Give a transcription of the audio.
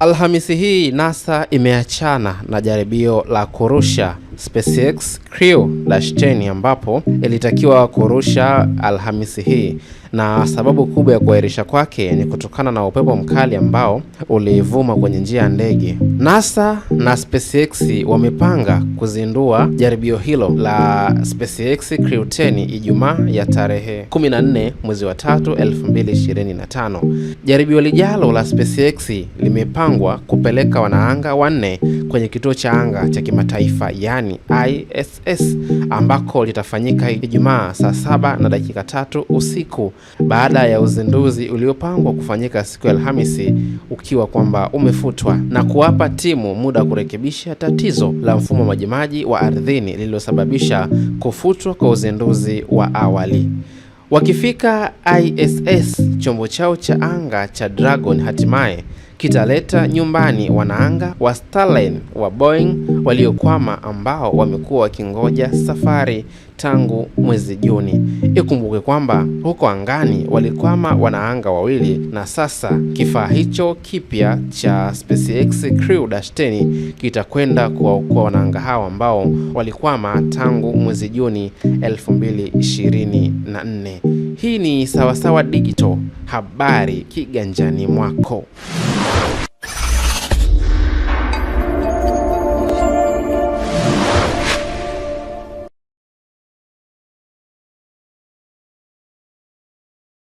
Alhamisi hii NASA imeachana na jaribio la kurusha SpaceX Crew 10 ambapo ilitakiwa kurusha Alhamisi hii, na sababu kubwa ya kuahirisha kwake ni kutokana na upepo mkali ambao ulivuma kwenye njia ya ndege. NASA na SpaceX wamepanga kuzindua jaribio hilo la SpaceX Crew 10 Ijumaa ya tarehe 14 mwezi wa 3, 2025. Jaribio lijalo la SpaceX limepangwa kupeleka wanaanga wanne kwenye kituo cha anga cha kimataifa yani ISS ambako litafanyika Ijumaa saa saba na dakika tatu usiku baada ya uzinduzi uliopangwa kufanyika siku ya Alhamisi ukiwa kwamba umefutwa na kuwapa timu muda wa kurekebisha tatizo la mfumo wa majimaji wa ardhini lililosababisha kufutwa kwa uzinduzi wa awali. Wakifika ISS, chombo chao cha anga cha Dragon hatimaye kitaleta nyumbani wanaanga wa Starlines wa Boeing waliokwama ambao wamekuwa wakingoja safari tangu mwezi Juni. Ikumbuke kwamba huko angani walikwama wanaanga wawili, na sasa kifaa hicho kipya cha SpaceX Crew-10 kitakwenda kuwaokoa wanaanga hao ambao walikwama tangu mwezi Juni 2024. Hii ni Sawasawa Digital, habari kiganjani mwako.